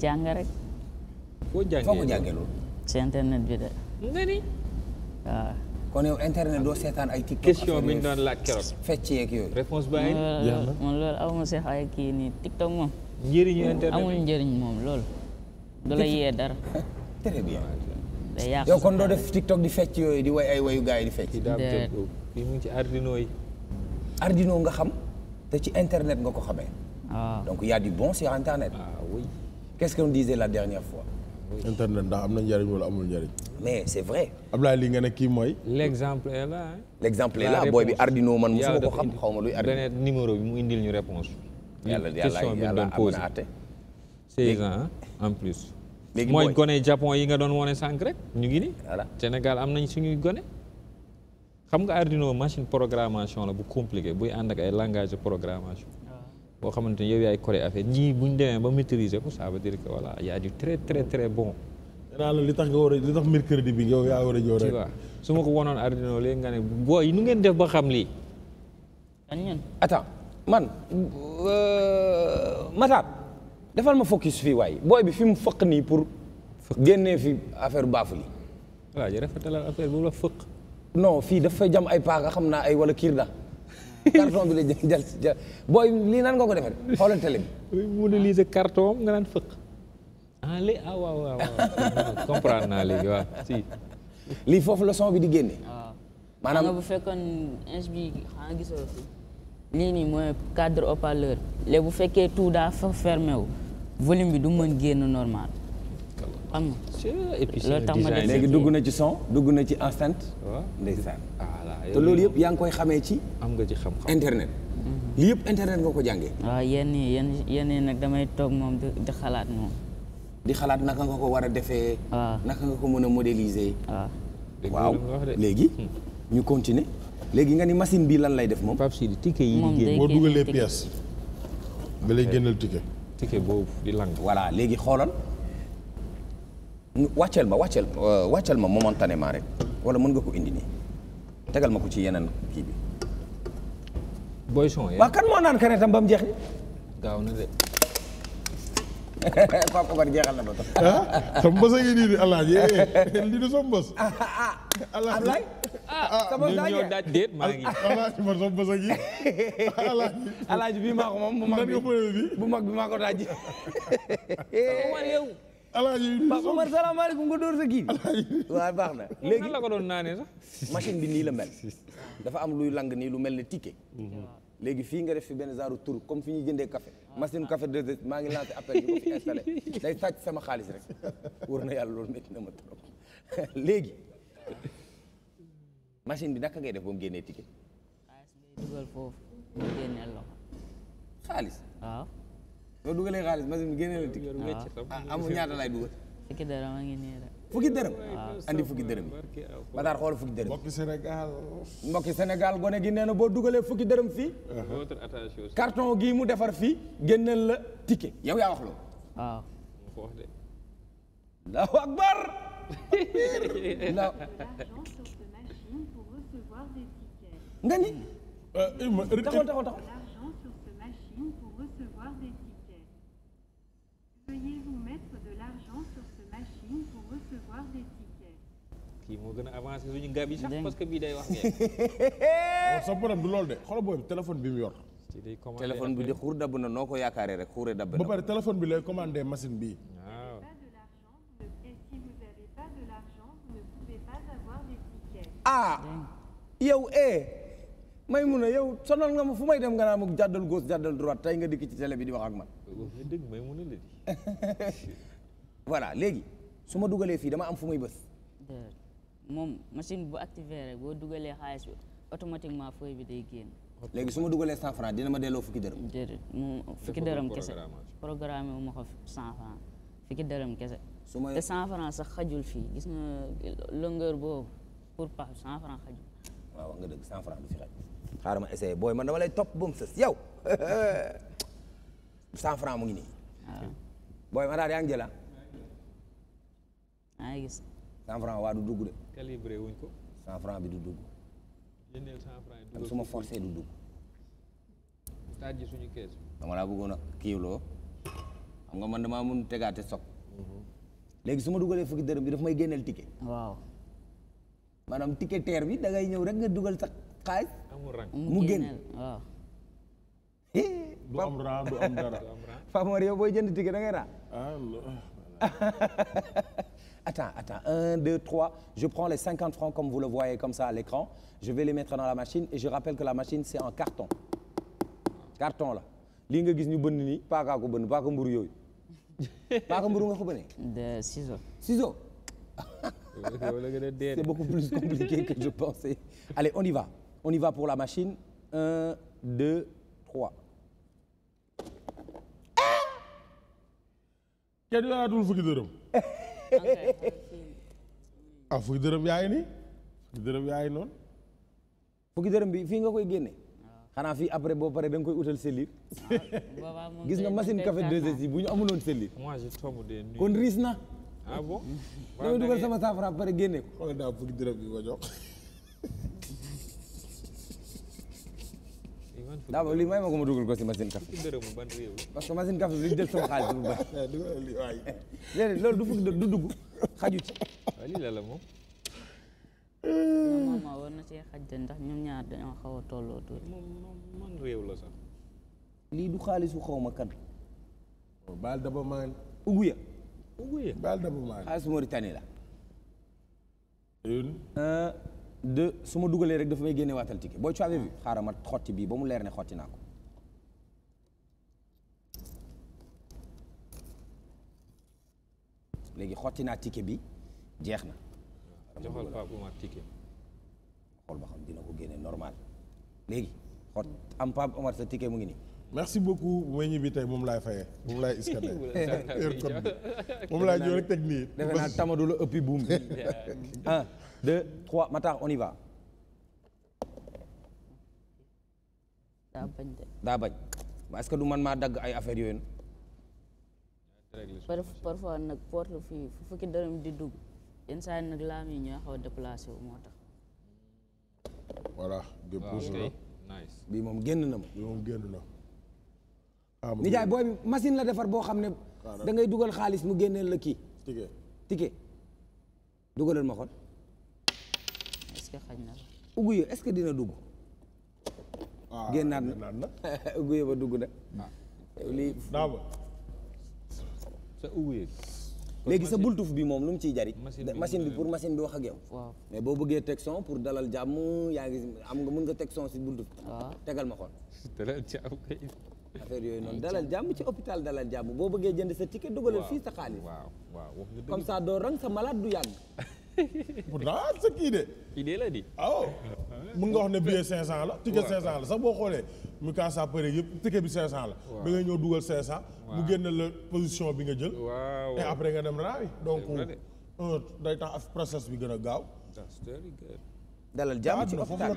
jàng rek. foo jàngee foo ko loolu. ci internet bi de. nga ni. waaw. kon yow internet doo seetaan ay TikTok. question bi ñu doon yooyu. réponse baa ngi. moom seex ay kii nii TikTok moom. njëriñu internet amul njëriñ moom loolu. du la yee dara. très bien. day yow kon doo def TikTok di fecc yooyu di way ay wayu gars yi di fecc. déet yi mu ngi ci Arduino yi. Arduino nga xam te ci internet nga ko xamee. Ah. donc y a bon sur internet. Ah qu'est-ce qu'on disait la dernière fois. internet ndax am na njëriñ wala amul njëriñ. mais c'est vrai. Abdoulaye li nga ne kii mooy. l'exemple est là. l'exemple est booy bi Arduino man mosuma ko xam ma luy. Arduino beneen numéro mu indil ñu réponse yàlla yàlla yàlla am na àtte. seize en plus. léegi mooy gone japon yi nga doon wone sànq ñu ngi ni Sénégal am nañ suñuy gone. xam nga Arduino machine programmation la bu compliqué buy ànd ak ay langage programmation. boo xamante ni yow yaay coré affaire ñii buñ ñu demee ba maîtriser ko ça veut dire que voilà y a du très très bon. li tax nga war a li tax mercredi bi yow yaa war a jox rek. su ma ko wonoon Arnaud léegi nga ne booy nu ngeen def ba xam lii. dañu attends man euh, Matar defal ma focus fii waaye booy bi fi mu fëq nii pour. génnee fi affaire baafu li. waaw jërëjëf affaire bu la fëq. non fii daf fa jam ay paa xam naa ay wala kiir la carton bi la jël jël booy lii nan nga ko defee xoolal télé bi. modéliser carton nga naan fëq. ah, ah léegi ah lii foofu la bi di génne. waaw ah. maanaam nga bu fekkoon inch bi mooy cadre haut-parleur léegi bu fekkee tout daa fa fermé volume bi du mën génn normal. am na. et puis léegi dugg na ci son dugg na ci enceinte. waaw ndeysaan. te loolu yëpp yaa ngi koy xamee ci. am ci xam internet. Mhm. li yëpp internet nga ko jàngee. waaw yenn yi yenn yenn yi nag damay toog moom di xalaat moom. di xalaat naka nga ko war a defee. waaw naka nga ko mën a modéliser. waaw léegi hmm. ñu continuer léegi nga ni machine bi lan lay def moom. Pape Sidi ticket yi di génn boo dugalee pièce. da lay génnal ticket. ticket boobu di lang. voilà léegi xoolal. wàcceel ma wàcceel euh, wàcceel ma momentanément rek wala mën nga ko indi nii tegal ma ko ci yeneen kii bi. booy son waaw kan moo naan kaneetam ba mu jeex. gaaw na de. na ah, sa mbës a ngi nii alaaji eh, eh, lii du sa ah, ah, sa mbës daa ñëw daaj déet maa mag bi bu mag bi alaaji Papa Omar salaamaaleykum nga door baax na léegi la ko doon naanee sax machine bi nii la mel dafa am luy lang nii lu mel ne ticket mhm. léegi fii nga def fi benn genre tour comme fi ñuy jëndee kafe machine kafe ah. de maa ngi lancé appel bi fi installé day sàcc sama xaalis rek wër na yàlla loolu métti na ma trop léegi machine bi naka ngay def ba mu génnee ticket xaalis soo dugale xaalis machine bi génne la tig ah amul ñaata laay dugal. fukki dërëm a ngi nii rek. fukki dërëm. Ah, andi fukki dërëm mbokki Sénégal. gone gi nee na boo dugalee fukki dërëm fii. Uh-huh. carton gii mu defar fii génneel la ticket yow yaa wax loolu. waaw. kii moo gën a avancé suñu gab yi sax parce que wax ngeen. borom oh, du loolu de xoolal boobu téléphone bi mu yor. téléphone bi di xuur dabb na noo ko yaakaaree rek xuure dabb na. ba pare téléphone bi lay commandé machine bi waaw. ah. yow eh. may mun a yow sonal nga ma fu may dem nga naa moom jàddal gauche jàddal droite tey nga dikk ci télé bi di wax ak man. Oh, dëgg léegi su ma dugalee fii dama am fu may bës. moom machine bu activé rek boo dugalee xaalis bi automatiquement feuille bi day génn. léegi su ma dugalee cent franc dina ma delloo fukki dërëm. déedéet fukki dërëm kese programme wu ma fukki dërëm kese. su ma te cent franc sax xajul fii gis na longueur boobu pour pas cent franc xajul. dëgg cent franc xaaral ma essayé booy man dama lay topp ba mu sës yow cent mu ngi nii. Ah. booy ma daal yaa jëla. Ah. maa ngi gis. cent franc waa du dugg de. wuñ ko. cent franc bi du dugg. yéen suma forcé du dugg. taaj ji dama laa bëggoon a kiiwloo xam nga man damaa mun tegaate sok léegi su ma dugalee fukki dërëm bi daf may génneel ticket. waaw. maanaam ticket teer bi dangay ñëw rek nga dugal sax xaalis. mu génn waaw. du booy jënd ticket da ngay je prends les 50 francs comme vous le voyez comme ça à l'écran, je vais les mettre dans la machine et je rappelle que la machine c'est en carton. Carton là. lii nga gis ñu bënn nii paakaa ko bënn paaka mburu yooyu paaka mburu nga c'est beaucoup plus compliqué que je pensais. allez on y va on y va pour la machine un deux trois. kenn yoraatul fukki dërëm. ah fukki dërëm yaa ngi nii fukki dërëm yaa ngi noonu. fukki dërëm bi fii nga koy génne. xanaa fi après boo paree da nga koy utal sellir. gis nga machine café 2S yi bu ñu amuloon sellir. kon riis na. ah bon. damay dugal sama saafara pare génne ko. xoolal daal fukki dërëm bi ko jox. daa ba lii may ma ko ma dugal ko si machine café parce que machine café bi loolu du fukki du dugg xaju ci lii la la moom moom war na cee xaj de ndax ñoom ñaar dañoo xaw a tolloo tuuti lii du xaalisu xaw ma kan baal daba maan uguya uguya baal la de su ma dugalee rek dafa may génne waatal ticket booy tu avais vu xaaral ma xotti bi ba mu leer ne xotti naa ko léegi xotti naa ticket bi jeex na. joxal Pape Oumar ticket. xool ba xam dina ko génne normal léegi xot am Pape Oumar sa ticket mu ngi nii. merci beaucoup bu may ñibbi tey moom laay fayee moom laay iskate moom laay ñëw teg nii defe naa tamadu la ëppi buum bi un deux trois daa bañ de daa bañ est que du man maa dagg ay affaire yooyu parfois nag porte fii fu fukki dërëm di dugg yenn saa yi nag laam yi ñoo xaw a moo tax voilà bi moom génn na ma bi moom génn na nijaay booy bi machine la defar boo xam ne da ngay dugal xaalis mu génneel la kii ticket ticket dugalal ma xool est xañ na ugu yi est-ce que dina dugg ah, génnaat na ugu yi ba dugg na ah. lii sa ugu yi léegi sa bultuf bi moom lu mu ciy jariñ machine bi pour machine bi wax a yow mais boo bëggee teg son pour dalal jàmm yaa ngi am nga mun nga teg son si bultuf ah. tegal ma xool affaire yooyu noonu dalal jàmm ci hôpital dalal jàmm boo bëggee jënd sa ticket dugalal fii sa xaalis waaw waaw wax nga dëgg comme ça doo rang sa malade du yàgg pourtant sa kii de idée la di aw ah oh. mën nga wax ne billet cinq cent la ticket cinq la sax boo xoolee mu kaasa pare yëpp ticket bi cinq la da ngay ñëw dugal cinq cent mu génn la position bi nga jël et après nga dem raawi donc day tax af process bi gën a gaaw dalal jàmm ci hôpital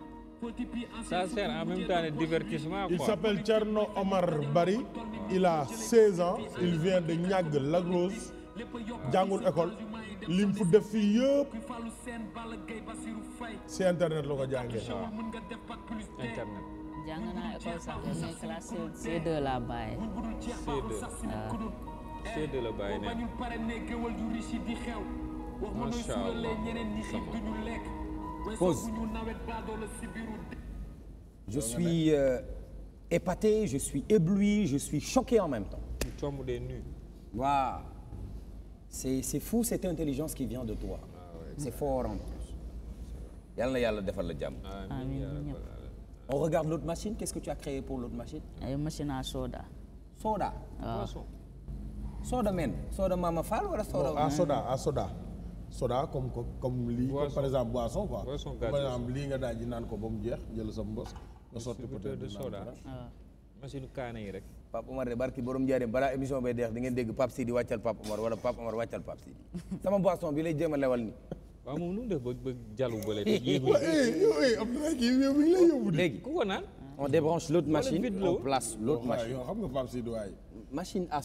Ça sert en même temps de divertissement. Quoi. Il s'appelle Tcherno Omar Bari. Il a 16 ans. Il vient de Niag Lagos. jàngul école. lim fu def fii yëpp. si internet la ko jàngee. internet. jàng naa école sax mais classe C2 laa bàyyi. C2 ah. la bàyyi ne. macha Pause. Je suis euh, épaté, je suis ébloui, je suis choqué en même temps. Tu tombes des nues. Waouh. C'est fou cette intelligence qui vient de toi. Ah ouais, c'est fort en plus. Yal na yàlla defal la jàmm. Amiin. On regarde l'autre machine, qu'est-ce que tu as créé pour l'autre machine? Ay machine à soda. Soda. Ah. Soda men, soda Mama Fall wala soda. Ah soda, ah soda. soda comme comme lii par exemple boisson quoi par exemple naan ko ba mu jeex jël sa mbos nga sotti peut soda ah. machine kaana yi rek Pape Omar de barki borom jaaree balaa émission bay deex di ngeen dégg Pape Sidi wàccal Pape Omar wala Pape Omar wàccal Pape Sidi sama boisson bi lay jéem a lewal ni waaw moom nu mu def ba ba jàllu bële eh, eh, eh, léegi ku ko naan on débranche l'autre machine on place l'autre machine machine à